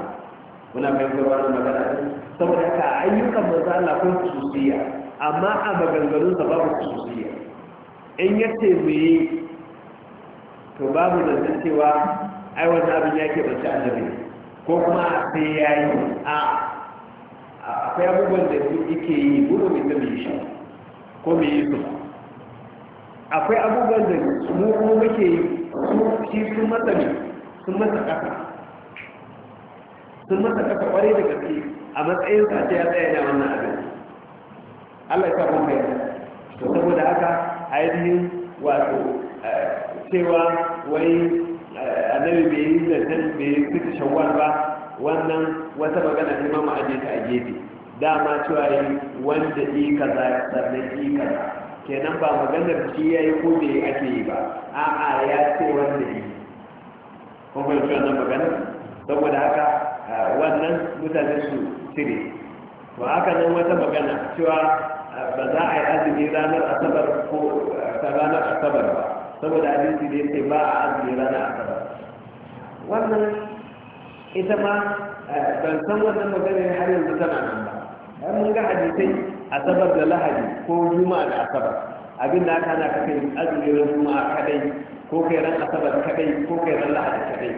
kuna fahimtar wannan magana saboda ka ayyukan manzo Allah kun kususiya amma a maganganun sa babu kususiya in yace mu yi to babu da cewa ai wannan abin yake bace annabi ko kuma sai yayi a akwai abubuwan da ke yi gudu mai zama shi ko mai yi su akwai abubuwan da mu kuma muke yi shi sun masa ne sun masa ƙasa sun masa ƙasa ƙwarai da gaske a matsayin sace ya tsaya da wannan abin Allah ya sa kuma ya to saboda haka ainihin wato eh, cewa wai eh, annabi bai yi zancen bai yi suka shawar ba wannan wata magana ne ma ma'aje ta a gefe dama cewa yi wanda yi kaza sannan yi kaza kenan ba maganar shi ya yi ko me ake yi ba a'a ya ce wanda yi kun fahimci wannan maganar saboda haka wannan mutane su cire to haka nan wata magana cewa ba za a yi azumi ranar asabar ko ranar asabar ba saboda hadisi da yake ba a azumi ranar asabar wannan ita ma ban san wannan maganar har yanzu tana nan ba mun ga hadisai asabar da lahadi ko juma'a da asabar abin da aka na ka azumi ran juma'a kadai ko kai ran asabar kadai ko kai ran lahadi kadai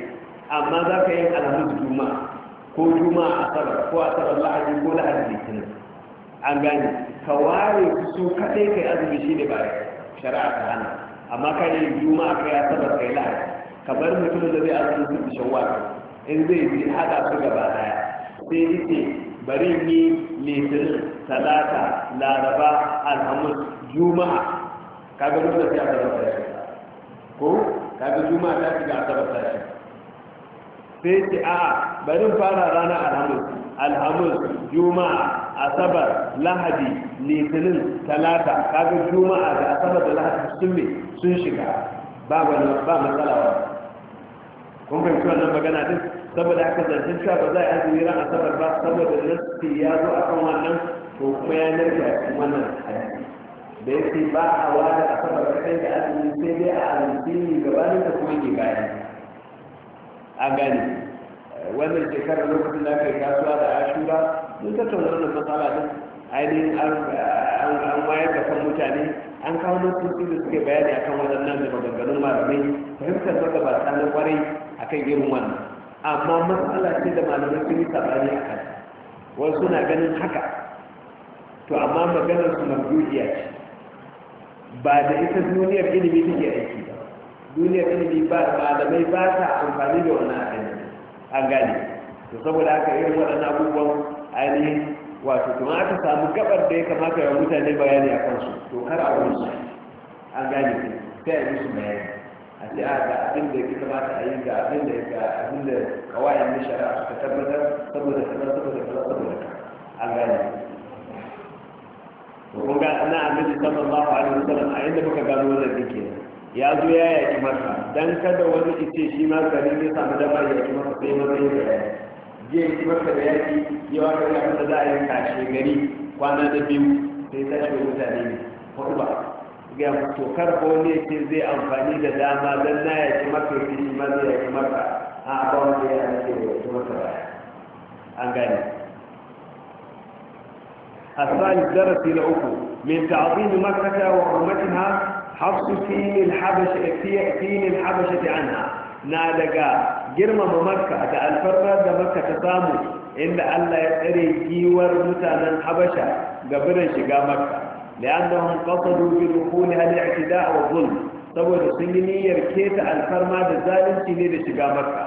amma za ka yi alhamis juma'a ko juma'a asabar ko asabar lahadi ko lahadi litinin an gane ka ware su kadai kai azumi shi ne ba shari'a ta hana amma ka yi juma'a kai asabar kai lahadi ka bar mutum da zai azumi su shawwal in zai hada su gaba daya sai ita bari ni litinin talata laraba alhamis juma'a kaga nuna sai a zama tashi ko kaga juma'a ta shiga a zama tashi sai ce a bari fara rana alhamis alhamis juma'a asabar lahadi litinin talata kaga juma'a da asabar da lahadi sun me sun shiga ba ba matsala ba kun fahimci wannan magana din saboda haka zancen cewa ba za a azumi ran asabar ba saboda nasti ya zo a kan wannan to kuma ya narke a cikin wannan hadisi da ya ce ba a wada asabar kaɗai da azumi sai dai a azumi gabanin da kuma ke bayan a gane wannan shekarar lokacin da aka yi kasuwa da ashura sun tattauna wannan matsala din ainihin an wayar da kan mutane an kawo nutsotsi da suke bayani akan waɗannan da maganganun malamai fahimtar magabata na kwarai akan irin wannan amma matsala ce da malamai sun yi sabani a kan wasu na ganin haka to amma maganar su marjudiya ce ba da ita duniyar ilimi take aiki ba duniyar ilimi ba malamai ba ta amfani da wannan abin an gane to saboda haka irin waɗannan abubuwan ainihin wato kuma aka samu gabar da ya kamata ya mutane bayani a kansu to kar a wani an gane sai a yi su bayani a ce a ah, ga abin da ya kamata a yi ga abin da ga abin da kawayen na shari'a suka tabbatar saboda kaza saboda kaza saboda ka an gane to kun ga na annabi sallallahu alaihi wasallam a inda muka gano wannan dake ya zo ya yaki masa dan kada wani ice shi ma gari ne samu damar ya yaki masa sai matsayin da yaki je yaki masa da yaki yawa ka ga da za a yanka shi gari kwana da biyu sai tashi mutane ne ko ba ga tokar ko ne ce zai amfani da dama don na ya ci maka ya ci ma zai ya ci maka a ba wanda ya ce ya ci maka ba an gane الثالث درس إلى أكو من تعظيم مكة وحرمتها حفظ سين الحبشة سين الحبشة عنها نالقا جرم مكة الفرد مكة تسامو إن الله يتري جيور متانا حبشة قبل شقا مكة hali a بدخولها a والظلم saboda sun yi niyyar keta alfarma da zalunci ne da shiga makka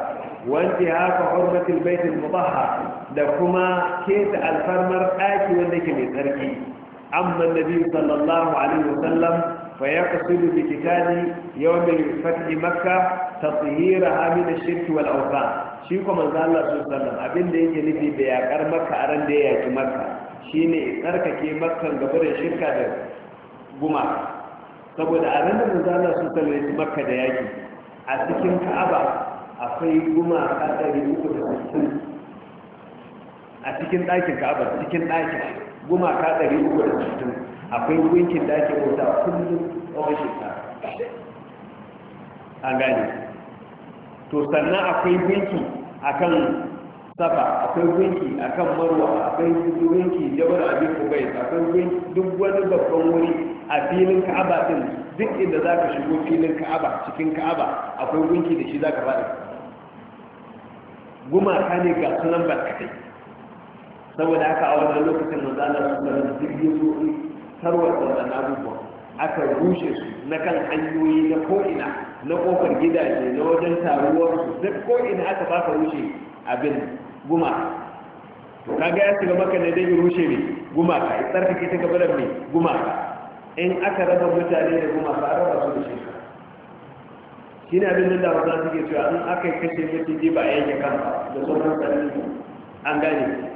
wanti haka hurmatul baitul mutahhar da kuma keta alfarmar daki wanda ke mai tsarki amma nabi sallallahu alaihi wasallam fa yaqsidu bi kitabi yawm al-fath makka tatheeraha min ash-shirk wal awthan shi kuma manzo Allah sallallahu abinda yake nufi da yakar makka a ran da ya yaki makka shine tsarkake makkan gaba da shirka da guma saboda a ranar da zana sun tsallaci makka da yaki a cikin ka'aba akwai guma a ɗari uku da sittin a cikin ɗakin ka'aba cikin ɗakin guma ka ɗari uku da sittin akwai gunkin da ake kullum tsawon shekara an gane to sannan akwai gunki akan saba akwai gunki a kan marwa akwai gunki jabar abin kubai akwai gunki duk wani babban wuri a filin ka'aba din duk inda za ka shigo filin ka'aba cikin ka'aba akwai gunki da shi za ka faɗi gumaka ne ga sunan barkatai saboda haka a wannan lokacin manzo Allah sallallahu alaihi wasallam tarwar wannan abubuwa aka rushe su na kan hanyoyi na ko'ina na kofar gidaje na wajen taruwar su duk ko'ina aka fasa rushe abin Guma, to kaga ya shiga maka ne dai rushe ne guma, ka ya kai ta gaba da guma ka in aka raba mutane da guma, a raba su da shi ka ne abin da za su ke cewa in aka yi kashe mutum ji ba yanke kan da sauran tsanani an gane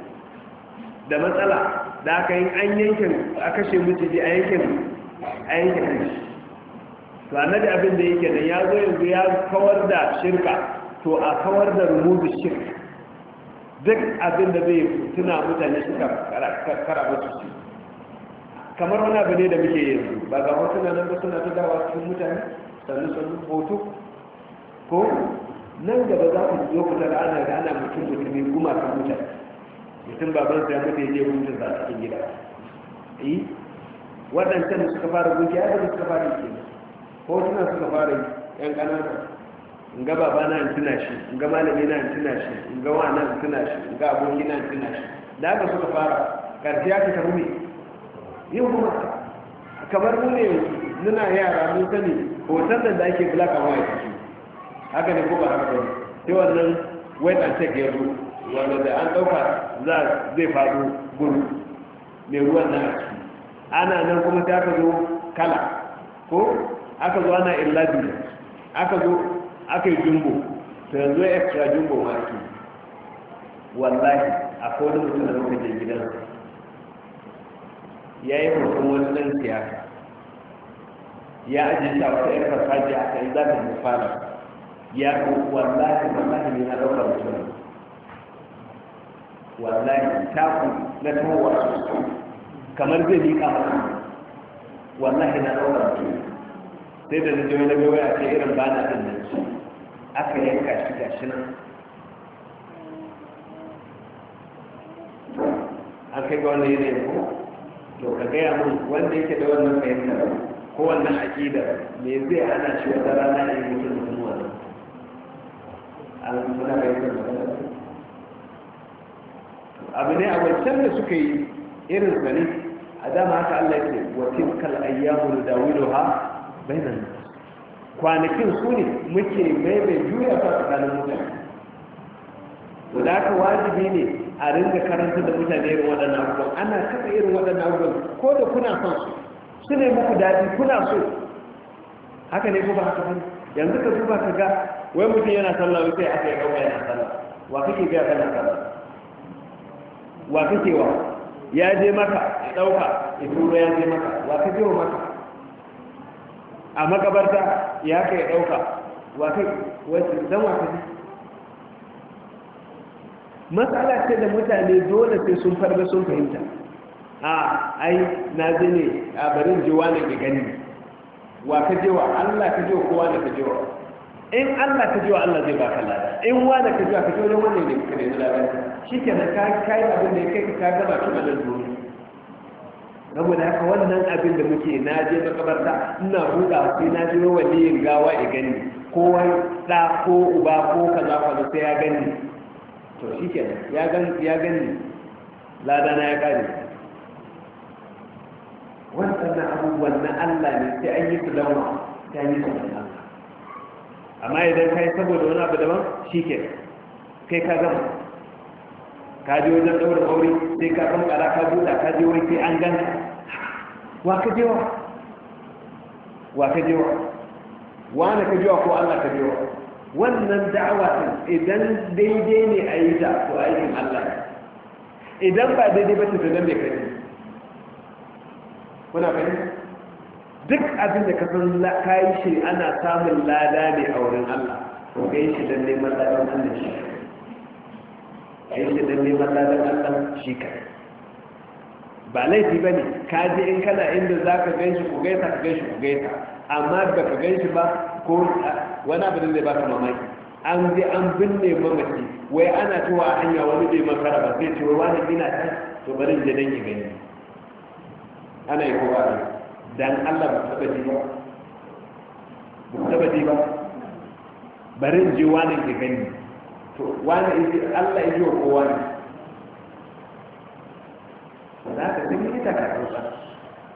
da matsala da aka yi an yankin a kashe mutum ji a yankin a yankin kan shi to annabi abin da yake nan ya zo yanzu ya kawar da shirka to a kawar da da shirka duk abin da zai tuna mutane suka kara mutu su kamar wani abu ne da muke yanzu ba ga wasu na nan ba suna ta dawa cikin mutane sannu sannu hoto ko nan gaba za ku zo kusa da ana ana mutum da kuma kan mutane mutum baban sai mutu ya mutu za za cikin gida yi waɗancan da suka fara gudu ya ba suka fara ke suna suka fara yan ƙanana ga baba na in tuna shi ga malami na in tuna shi ga wani na tuna shi ga aboki na in tuna shi da haka suka fara karfi ya tafi ne yin kuma kamar mu ne muna yara mun sani hoton da ake black and white su haka ne ko ba haka ba sai wannan wet and check ya zo wanda da an dauka za zai faru gudu. mai ruwan na a ciki ana nan kuma ta ka zo kala ko aka zo ana illabi aka zo aka yi jumbo to yanzu extra jumbo ma ake wallahi akwai wani mutum da muka je gidan ya yi hoton wani ɗan siyasa ya ajiye ta wata wata yar ji a kan za ta fara ya ko wallahi wallahi ne na ɗaukar mutum wallahi ta ku na tawowa kamar zai yi masa wallahi na ɗaukar mutum sai da na jami'ai na biyu ya ce irin na ɗin nan aka yanka shi gashi nan an kai ga wannan yanayin ko to ka gaya mun wanda yake da wannan fahimtar ko wannan aƙida me zai hana shi wata rana ya yi mutum mutum wannan an muna fahimtar magana abu ne a wancan da suka yi irin zane a dama haka Allah ya ce wa tilkal ayyamu dawiluha bainan kwanakin su ne muke maimai juya ta tsakanin mutane to da aka wajibi ne a ringa karanta da mutane irin waɗannan abubuwan ana kafa irin waɗannan abubuwan ko da kuna son su su ne muku daɗi kuna so haka ne ko ba haka bane yanzu ka duba ka ga wai mutum yana sallah wai sai aka yi kawai yana sallah wa kake biya kana sallah wa kake wa ya je maka ya ɗauka ya turo ya je maka wa kake wa maka a makabarta ya kai ɗauka wakai wasu zama ta ne matsala ce da mutane dole sai sun farga sun fahimta a ai na zane. ne a barin jiwa na ga gani wa ka jewa allah ka jewa kowa na ka jewa in allah ka jewa allah zai ka lada in wa na ka jewa ka jewa wannan ne ka nemi lada shi ke na kayi abin da ya kai ka gaba kima da duniya saboda haka wannan abin da muke na je makabarta ina buɗa sai na je waliyin gawa ya gani ko ɗa ko uba ko kaza kaza sai ya gani to shi kenan ya gani ya gani lada na ya kare wannan abubuwan na Allah ne sai an yi su lauma sai an yi su Allah amma idan kai saboda wani abu daban shi kai ka gama ka je wajen ɗaurin aure sai ka kankara ka buɗa ka je wani sai an ganka wa ka jewa wa ka jewa wa ka jewa ko Allah ka jewa wannan da'awa din idan daidai ne a yi ta to aikin Allah idan ba daidai ba ta nan mai kai kuna fahimta duk abin da kasan kayi shi ana samun lada ne a wurin Allah to ga shi dan neman ladan Allah shi kai shi dan neman ladan Allah shi kai ba laifi ba ne ka je in kana inda za ka gan shi ku gaisa ka gan shi ku gaisa amma ba ka gan shi ba ko wani abu da zai ka mamaki an je an binne mamaki wai ana cewa a hanya wani bai makara ba sai ce wai wani ina ta to bari in je dan gani ana yi kowa ne dan Allah ba taba ji ba ba taba ji ba bari in je wani ya gani to wani Allah ya ji wa kowa ne za ka sun yi takatunsa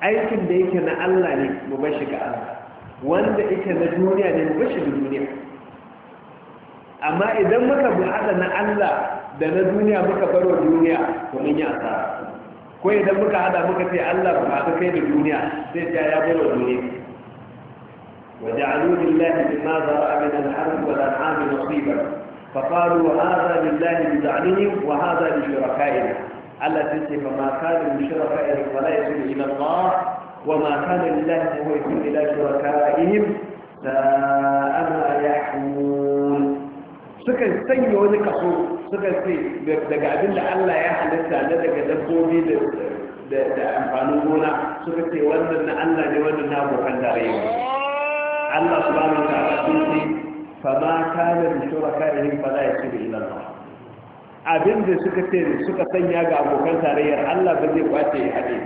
aikin da yake na Allah ne mu bashi ga Allah wanda yake na duniya ne mu bashi da duniya amma idan muka buhada na Allah da na duniya muka baro duniya to mun yi asara ko idan muka hada muka ce Allah ba ka kai da duniya sai ta ya baro duniya وجعلوا لله مما ذرأ من الحرث والأنعام نصيبا فقالوا هذا لله بزعمهم وهذا لشركائنا على جنسه فما كان من شركائهم فلا يكون الى الله وما كان لله فهو يكون الى شركائهم ساء ما يحكمون سكن سي وني كفو سكن سي دغ عبد الله يا حلتا لا دغ دبوبي د سكن سي ولدنا الله دي ابو كنداري الله سبحانه وتعالى فما كان من شركائهم فلا يكون الى الله abin da suka ce suka sanya ga abokan tarayyar Allah ba zai kwace ya haɗe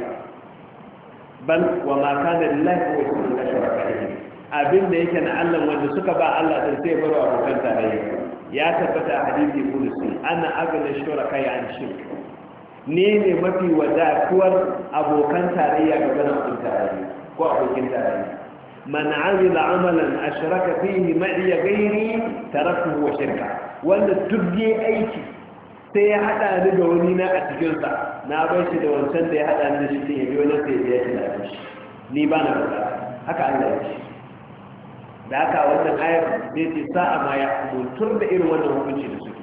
bal wa ma kana lillahi wa inna ilaihi abin da yake na Allah wanda suka ba Allah din sai baro abokan tarayyar ya tabbata a hadisi kudusi ana agana shuraka ya an shirk ne ne mafi wadatuwar abokan tarayya ga bana abokin tarayya ko abokin tarayya man amila amalan ashraka fihi ma'i gairi taraktuhu wa shirka wanda duk aiki sai ya haɗa ni da wani na a cikinsa na bai shi da wancan da ya haɗa ni da shi ya biyo wani sai ya shi shi ni ba na bauta haka Allah ya ce da haka wannan ayar zai ce sa'a ma ya mutum da irin wannan hukunci da suke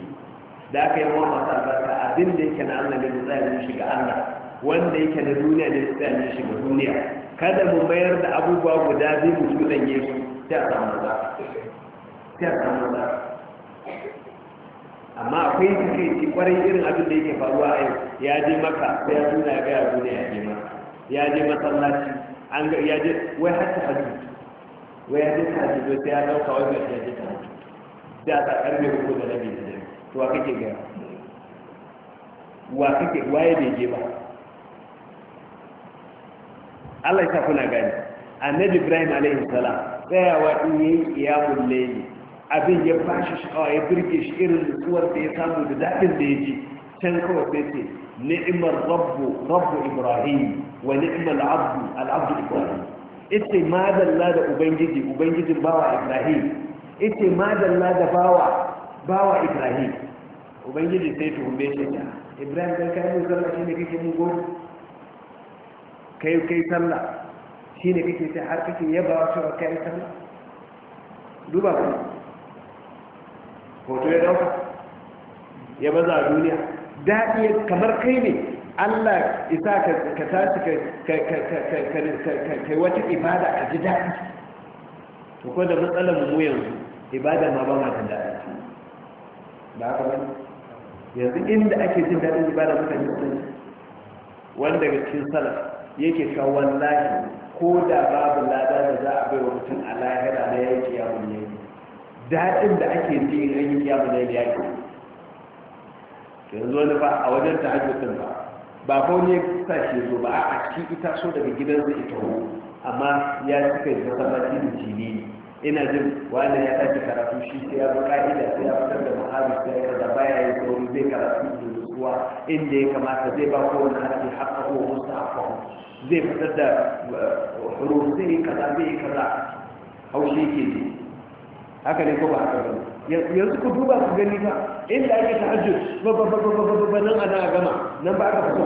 da aka yi masu albarka abin da yake na Allah ne da yi shi ga Allah wanda yake na duniya ne da tsayanin shi ga duniya kada mu mayar da abubuwa guda biyu mu tudanye su sai a samu za sai a samu za amma akwai takaici kwarai irin abin da yake faruwa a yau ya je maka sai ya tuna ya gaya duniya ya je maka ya je masallaci an ga ya je wai har ta hajji wai ya je ta hajji to sai ya dauka wai ya je ta hajji da ta karbe ko da rabi da dare to wa kake gaya wa kake waye bai je ba Allah ya sa kuna gani annabi Ibrahim alaihi salam tsayawa in yayi qiyamul layli abin ya bashi sha'awa ya birge shi irin nutsuwar da ya samu da daɗin da ya ji can kawai sai ce ni'imar rabbu rabbu ibrahim wa ni'imar abdu al'abdu ibrahim ita ma dalla da ubangiji ubangijin bawa ibrahim ita ma dalla da bawa bawa ibrahim ubangiji sai ta tuhumbe shi ta ibrahim dan kai mun sallah shine kake mun gobe kai kai sallah shine kake sai har kake yaba wa kai sallah duba ku hoto ya dauka ya baza a duniya daɗi kamar kai ne allah isa ka tashi kai wata ibada a ji daɗi to kuma da matsalar mu yanzu ibada ma ba ma daɗi ba haka ba yanzu inda ake jin daɗin ibada mutane sun wanda daga cikin salaf yake ka wallahi ko da babu lada da za a bai wa mutum a lahira na yayi ya yi. daɗin da ake ji in an yi kiyamu ne ya ke yanzu wani ba a wajen ta hajjutun ba ba fa wani ya sa shi zo ba a shi ita so daga gidansa ita ho amma ya cika yi masallaci da jini ina jin wani ya tashi karatu shi sai ya bi ka'ida sai ya fitar da mu'amil sai ya kaza baya yin sauri zai karatu da nutsuwa inda ya kamata zai ba kowane haƙƙi haka ko wasu haƙƙa zai fitar da eh, huruf zai yi kaza zai yi kaza haushi ke ne haka ne ko ba haka ba yanzu ku duba ku gani ba inda ake tahajjud ba ba ba ba ba nan ana gama nan ba aka fito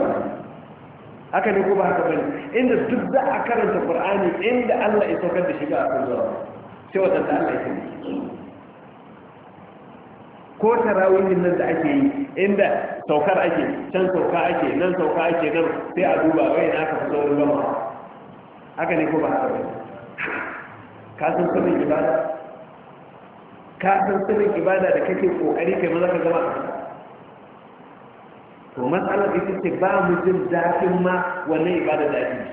haka ne ko ba haka ba inda duk za a karanta qur'ani inda Allah ya saukar da shi ba a kan zuwa sai wata da Allah ya sani ko tarawihin nan da ake yi inda saukar ake can sauka ake nan sauka ake nan sai a duba wai na aka fito wani gama haka ne ko ba haka ba ka san ibada ka san sirrin ibada da kake kokari kai maza ka gaba to matsalar ita ce ba mu jin dafin ma wannan ibada da ake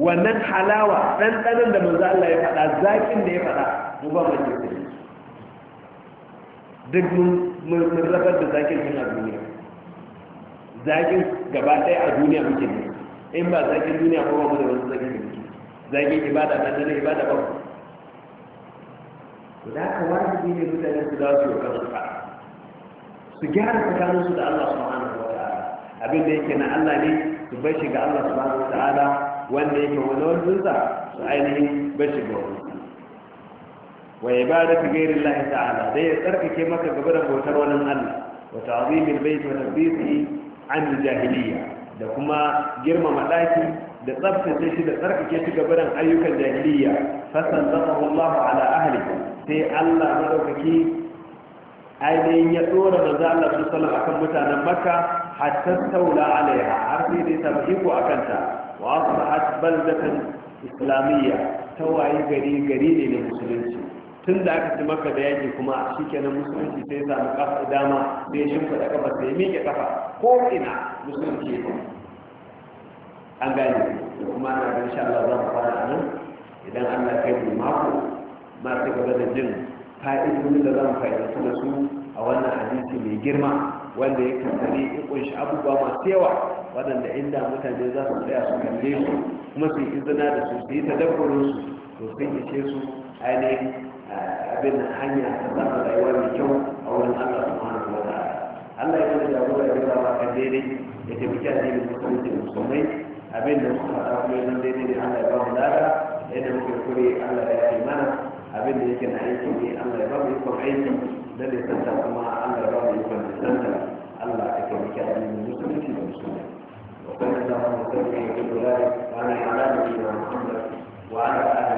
wannan halawa ɗanɗanon da manzo Allah ya faɗa zafin da ya faɗa mu ba mu jin dafin duk mun rabar da zakin jin a duniya zakin gaba ɗaya a duniya muke ne in ba zakin duniya ba ba mu da wani zakin da muke zakin ibada ɗanɗanon ibada ba ku. da aka wajibi ne mutane su dawo su kan su su gyara tsakanin su da Allah subhanahu wa ta'ala abin da yake na Allah ne su bar shi ga Allah subhanahu wa ta'ala wanda yake wani wajen sa su ainihin bar shi ga wani wa ba da ibadatu ghayri Allah ta'ala dai ya tsarkake maka gaba da bautar wani Allah wa ta'zimil bayt wa tanbihi an jahiliya da kuma girmama ɗaki da tsabtace shi da tsarkake shi ga barin ayyukan jahiliya fasan zafahu Allah ala ahli sai Allah madaukaki ainihin ya tsora manzo Allah su akan mutanen Makka hatta taula alaiha har sai dai ta iko akan ta wa asbahat baldatan islamiyya tawaye gari gari ne na musulunci tun da aka ci maka da yaƙi kuma a shi kenan musulunci sai samu kafa dama sai da kafa sai miƙe kafa ko ina musulunci ya an gani da kuma ana ganin sha Allah za mu fara a nan idan Allah kai mu mako ma sai gaba da jin fa'idun da za mu fa'idantu da su a wannan hadisi mai girma wanda ya kasance in kunshi abubuwa masu yawa waɗanda inda mutane za su tsaya su kalle su kuma su yi izina da su su yi tadabbarin su to sun ishe su ainihin abin hanya ta zama rayuwa mai kyau a wurin Allah subhanahu wa ta'ala Allah ya kuma jagora ya gaba maka daidai ya taimaki addinin musulunci musulmai abin da muka faɗa kuma ya zama daidai ne Allah ya ba mu lada yadda muka kure Allah ya yi mana abin da yake na aiki ne Allah ya ba mu ikon aiki da lissanta kuma Allah ya ba mu ikon lissanta Allah ya taimaki addinin musulunci da musulmai وكان اللهم صل وسلم على نبينا محمد وعلى اله